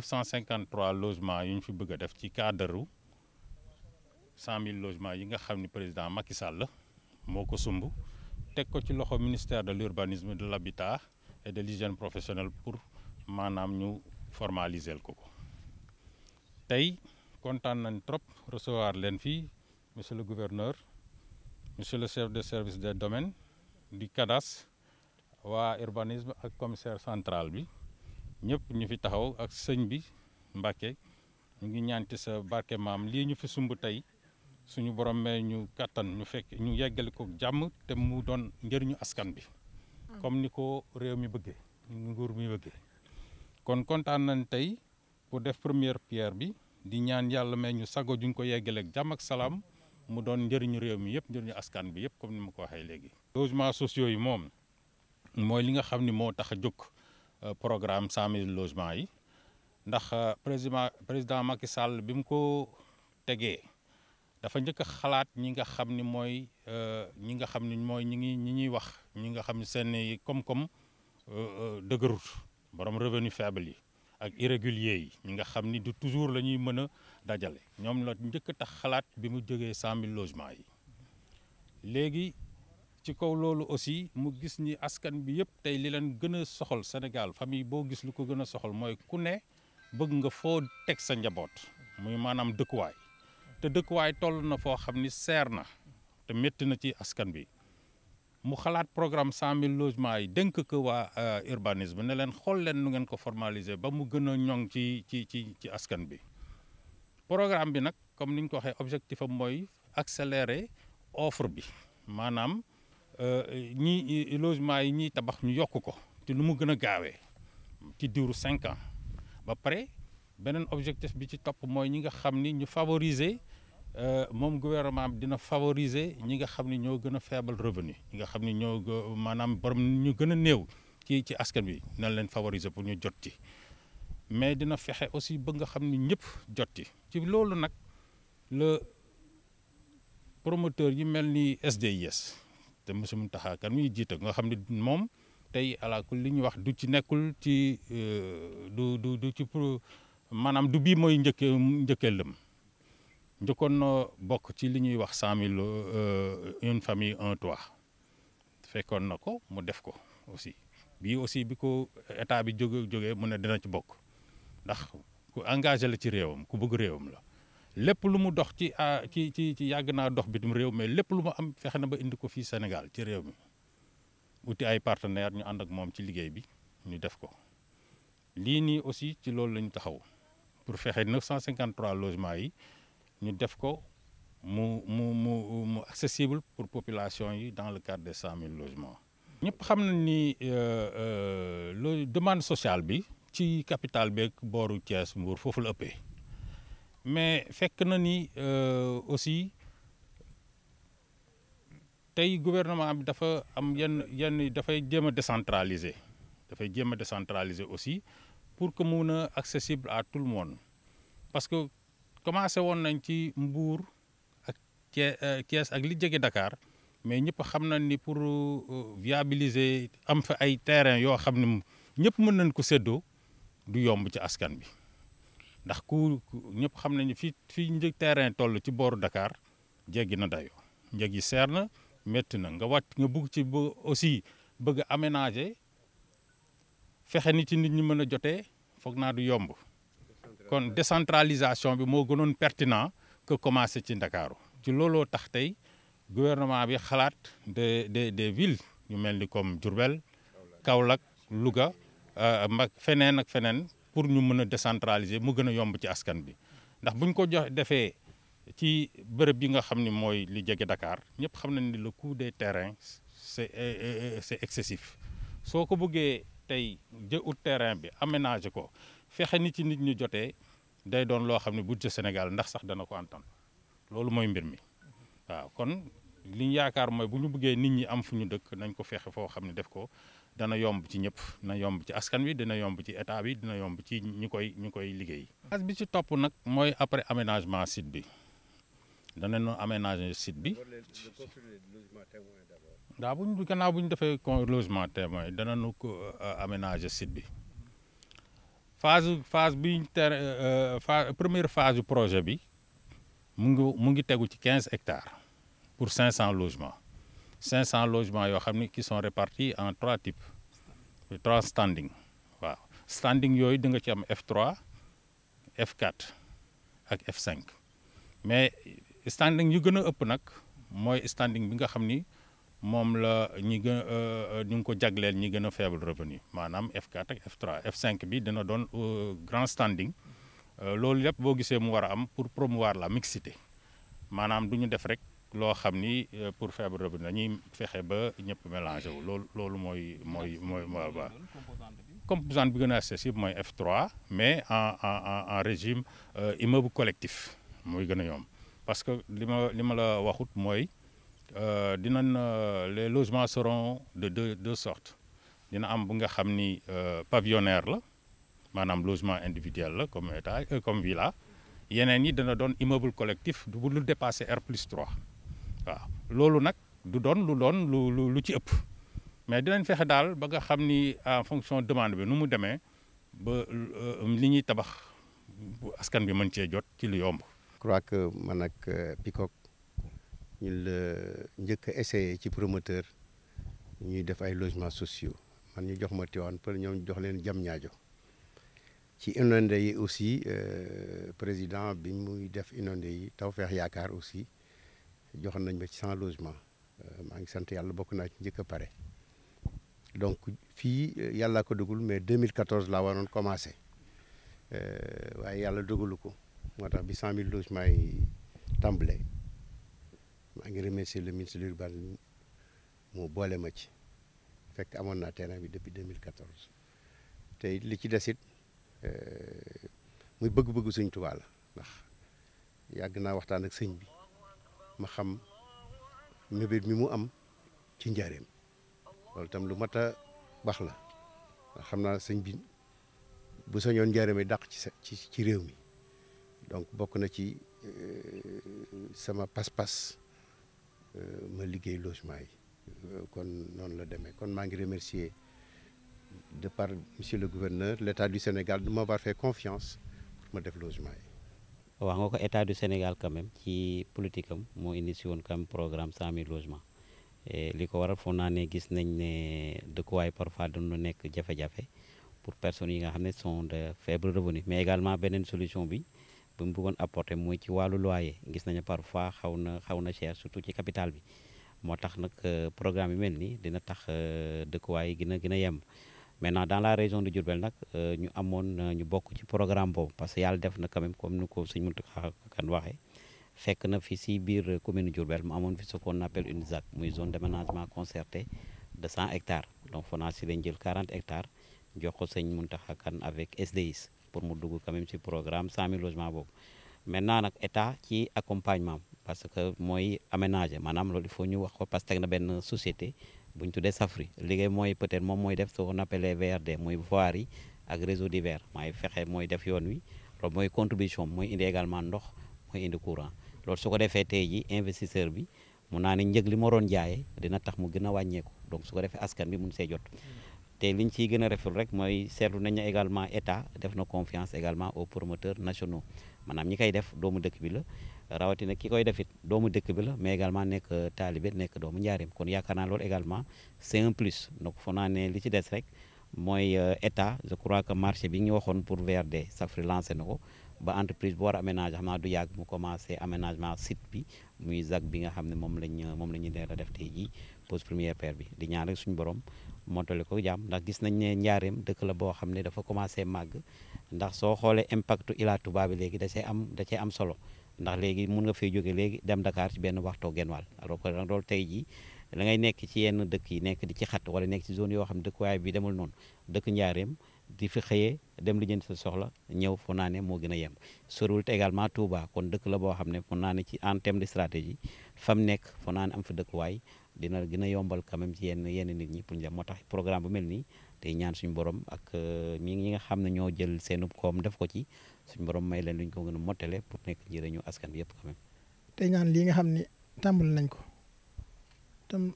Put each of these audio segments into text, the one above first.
neuf cent cinquante trois logements yu ñu fi bëgg a def ci cadre cent mille yi nga xam ni président Macky Sall moo ko sumb teg ko ci loxo ministère de l'urbanisme de l'habitat et de l'hygiène professionnelle pour maanaam ñu formaliser ko ko tey kontaan nañ trop recevoir leen fii monsieur le gouverneur monsieur le chef de service des domaines du CADAS waa urbanisme ak commissaire central bi ñëpp ñu fi taxaw ak sëñ bi mbakke ñu ngi ñaanti sa barke maam lii ñu fi sumb tey suñu borom may ñu kàttan ñu fekk ñu yeggale kook jàmm te mu doon njëriñu askan bi comme ni ko réew mi bëggee nguur mi bëggee kon kontaan nañ tey pour def première pierre bi di ñaan yàlla may ñu sago ju juñ ko yeggaleeg jàmm ak salaam mu doon njëriñu réew mi yëpp njëriñu askan bi yëpp comme ni ma ko waxee léegi. logements sociaux yi moom mooy li nga xam ni moo tax a jóg Euh, programme cent mille logements yi ndax euh, président président Macky Sall bi mu ko tegee dafa njëkk a xalaat ñi nga xam ni mooy euh, ñi nga xam ni mooy ñi ngi ñi ñuy wax ñi nga xam ni seen koom-koom dëgërut borom revenu fable yi ak irrégulier yi ñi nga xam ni du toujours la ñuy mën a dajale ñoom la njëkk a tax xalaat bi mu jógee cent mille logements yi léegi ci kaw loolu aussi mu gis ni askan bi yëpp tey li leen gën a soxal Sénégal famille boo gis lu ko gën a soxal mooy ku ne bëgg nga foo teg sa njaboot muy maanaam dëkkuwaay te dëkkuwaay toll na foo xam ni seer na te métti na ci askan bi mu xalaat programme cent mille yi dénk ko waa euh, urbanisme ne leen xool leen nu ngeen ko formaliser ba mu gën a ñoŋ ci ci ci ci askan bi programme bi nag comme ni ñu ko waxee objectif am mooy accélérer offre bi maanaam Euh, ñi euh, logement yi ñuy tabax ñu yokk ko te lu mu gën a gaawee ci diiru cinq ans ba pare beneen objectif bi ci topp mooy ñi nga xam ni ñu favoriser euh, moom gouvernement bi dina favoriser ñi nga xam ni ñoo gën a faible revenu ñi nga xam ni ñoo maanaam borom ñu gën a néew ci ci askan bi na leen favoriser pour ñu jot ci mais dina fexe aussi ba nga xam ni ñëpp jot ci ci loolu nag le promoteur yi mel ni SDIS te monsieur Mountakha kan ñu jiite nga xam ne moom tey alaakul li ñuy wax du ci nekkul ci euh, du du du ci pour maanaam du bii mooy njëkkee njëkkeelam njëkkoon na bokk ci li ñuy wax cent mille euh, un famille un toit fekkoon na ko mu def ko aussi bii aussi bi ko état bi jóge jógee mu ne dina ci bokk ndax ku engagé la ci réewam ku bëgg réewam la. lépp lu mu dox ci ah, ci ci ci yàgg naa dox bitim réew mais lépp lu ma am fexe na ba indi ko fii Sénégal ci réew mi wuti ay partenaires ñu ànd ak moom ci liggéey bi ñu def ko lii nii aussi ci loolu la taxaw pour fexe 953 logements yi ñu def ko mu mu mu mu accessible pour population yi dans le cadre des 100 000 logements. ñëpp xam na ni euh, euh, lo demande sociale bi ci capitale beeg booru Thiès Mbour foofu la ëppee. mais fekk na ni euh, aussi tey gouvernement bi dafa am yenn yenn dafay jéem a décentraliser dafay jéem a décentraliser aussi pour que mun a accessible à tout le monde parce que commencé woon nañ ci Mbour ak Thiès euh, ak li jege dakaar mais ñëpp xam na ni pour euh, viabiliser am fa ay terrain yoo xam ne ñëpp mën nañ ko séddoo du yomb ci askan bi ndax ku ñëpp xam nañu fi fii njëg terrain tollu ci booru Dakar jéggi na dayo njëg yi seer na métti na nga wàcc nga bugg ci ba aussi bëgg a fexe ni ci nit ñi mën a jotee foog naa du yomb kon décentralisation bi moo gënoon pertinent que commencé ci Ndakaaru ci looloo tax tey gouvernement bi xalaat des de des villes yu mel ni comme Diourbel Kaolack Louga euh, mag feneen ak feneen pour ñu mën a décentraliser mu gën a yomb ci askan bi ndax buñ ko jox defee ci bërëb yi nga xam ni mooy li jege dakaar ñëpp xam nañ ni le coût des terrains c'est euh, c'est excessif soo ko bëggee tey jë ut terrain bi aménager ko fexe ni ci nit ñu jotee day doon loo xam ne budget Sénégal ndax sax dana ko antan loolu mooy mbir mi waaw kon li yaakaar mooy bu ñu buggee nit ñi am fu ñu dëkk nañ ko fexe foo xam ne def ko dana yomb ci ñëpp na yomb ci askan wi dana yomb ci état bi dina yomb ci ñi koy ñi koy liggéey. bi ci topp nag mooy après aménagement site bi danañu aménager site bi. daa bu ñu gannaaw bu ñu defee con logement témoin danañu ko euh, aménager site bi phase phase bi ter euh, euh, phase première phase du projet bi mu ngi mu ngi tegu ci quinze hectares. pour 500 logements 500 logements yoo xam ne qui sont répartis en trois types trois standing waaw standing yooyu di nga ci am F3 F4 ak f mais standing yu gën a ëpp nag mooy standing bi nga xam ni moom la ñi gën nu euh, euh, ngi ko jagleel ñi gën a faible revenu maanaam F4 ak F3 F5 bi dina doon euh, grand standing loolu yëpp boo gisee mu war a am pour promouvoir la mixité maanaam du ñu def rek loo xam ni euh, pour feebar bi dañuy fexe ba ñëpp mélangé wu loolu loolu mooy mooy mooy mooy ba composante bi gën a accessible mooy F3 mais en en en régime euh, immeuble collectif mooy gën a yomb parce que li ma li ma la waxut mooy euh, dinañ les logements seront de deux deux sortes dina am bu nga xam ni pavillonnaire la maanaam logement individuel la comme état comme villa yeneen yi dana doon immeuble collectif du lu dépasser R plus 3 waaw loolu nag du doon lu doon lu lu ci ëpp mais dinañ fexe daal ba nga xam ni en fonction demande bi nu mu demee ba euh, li ñuy tabax askan bi mën cee jot ci lu yomb. je crois que man ak euh, PICOC ñu la euh, njëkk a ci promoteur ñuy def ay logements sociaux man ñu jox ma Tivaouane pour ñoom jox leen jam ñaajo ci inondé yi aussi président bi muy def inondé yi taw Tawfekh Yaakaar aussi. joxoon nañ ma ci sans logement euh, maa ngi sant yàlla bokk naa ci njëkk a pare donc fii euh, yàlla ko dugul mais mille 2014 laa waroon commencé euh, waaye yàlla dugalu ko moo tax bi 100 000 logements yi tàmbalee maa ngi remercier le ministre de l'urbanisme moo boole ma ci fekk amoon naa terrain bi depuis 2014 te li ci desit muy bëgg-bëggu sëñ Tuubaa ndax yàgg naa waxtaan ak sëñ bi. ma xam mébét mi mu am ci njaareem loolu itam lu mat a baax la xam naa sëñ bi bu sañoon njaareem yi daq ci ci réew mi donc bokk na ci euh, sama pas-pas euh, ma liggéey logement yi euh, kon noonu la demee kon maa ngi remercier de par monsieur le gouverneur l'état du Sénégal de m'avoir fait confiance pour ma def logement yi wax nga ko état du Sénégal quand ci politique moo indi si woon quand même programme 100000 logements li ko waral foog naa ne gis nañ ne dëkkuwaay parfois dañu nekk jafe-jafe pour personnes yi nga xam ne sont de faible revenu mais également beneen solution bi bu mu bëggoon apporter mooy ci wàllu loyer gis nañu parfois xaw na xaw na cher surtout ci capital bi moo tax nag euh, programme bi mel nii dina tax euh, dëkkuwaay yi gën a gën a yem. maintenant dans la région de Diourbel nag euh, ñu amoon euh, ñu bokk ci programme boobu parce que yàlla def na quand même comme ni ko sëñ Mountakha Kane waxee fekk na fi si biir euh, commune Diourbel mu amoon fi ce qu'on appelle une ZAC muy zone d'aménagement concerté de 100 hectares donc FONAS si lañ jël 40 hectares jox ko sëñ Mountakha Kane avec SDIS pour mu dugg quand même si programme 100 000 logements boobu maintenant nag état ci accompagnement parce que mooy aménager maanaam loolu faut ñu wax ko parce que na benn société bu ñu tuddee SAFRI liggéey mooy peut-être moom mooy def ce qu'on appelle les VRD mooy voirie yi ak réseau divers mooy fexe mooy def yoon wi loolu mooy contribution mooy indi également ndox mooy indi courant lool su ko defee tey ji investisseur bi mun naa ne njëg li ma doon jaayee dina tax mu gën a wàññeeku donc su ko defee askan bi mun see jot te li ñu ciy gën a reful rek mooy seetlu nañu également état def na confiance également au promoteurs nationaux maanaam ñi koy def doomu dëkk bi la rawatina ki koy defit doomu dëkk bi la mais également nekk taalibe nekk doomu njaareem kon yaakaar naa loolu également c'est un plus donc foo naa li ci des rek mooy euh, état je crois que marché bi ñu waxoon pour VRD Safri lancé na ko ba entreprise bu war a aménagé du yàgg mu commencé aménagement site bi muy ZAC bi nga xam ne moom lañ moom la ñu def tey jii pose première pierre bi di ñaan rek borom mottali ko jàmm ndax gis nañ ne njaareem dëkk la boo xam ne dafa commencé màgg ndax soo xoolee impactu Ila Touba bi léegi da cee am da am solo ndax léegi mun nga fee jóge léegi dem Dakar ci benn waxto genn wàll alors que loolu tey jii dangay nekk ci yenn dëkk yi nekk di ci xat wala nekk ci zone yoo xam ne dëkkuwaay bi demul noonu dëkk njaareem di fi xëyee dem lu jënd sa soxla ñëw fo naa ne moo gën a yem soriwul te également Touba kon dëkk la boo xam ne fu naa ne ci en terme de stratégie fa mu nekk fu naa ne am fa dëkkuwaay dina gën a yombal quand même ci yenn yenn nit ñi pour ñu dem moo tax programme bu mel nii tey ñaan suñu borom ak euh, ñi ñi nga xam ne ñoo jël seenu koom def ko ci suñu borom may leen lu ñu ko gën a mottale pour nekk njëriñu askan bi yëpp quand même. tey ñaan lii nga xam ne tàmbali nañ ko tam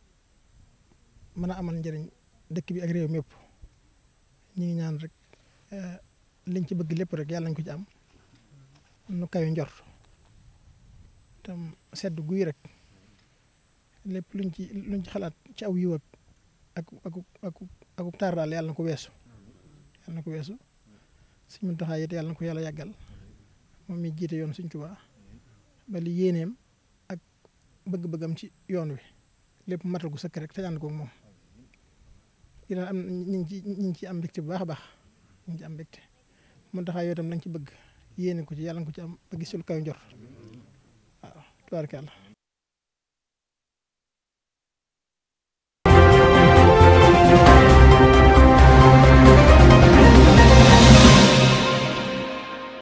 mën a amal njëriñ dëkk bi ak réew mi yëpp ñu ngi ñaan rek euh, liñ ci bëgg lépp rek yàlla nañ ko ci am nu kawe njor tam sedd guy rek. lépp luñ ci luñ ci xalaat ci aw yiw ak ak ak ak ak taar daal yàlla na ko weesu yàlla na ko weesu suñu Muntaxa it yàlla na ko yàlla yàggal moom mi jiite yoon suñ Tuubaa ba li yéeneem ak bëgg-bëggam ci yoon wi lépp matal gu sëkk rek te ñaan ko moom dina am ñu ngi ci ñu ngi ci am mbégte bu baax a baax ñu ngi ci am mbégte Muntaxa yoo tam lañ ci bëgg yéene ko ci yàlla na ko ci am ba gisul kaw njor waaw tubaarkàlla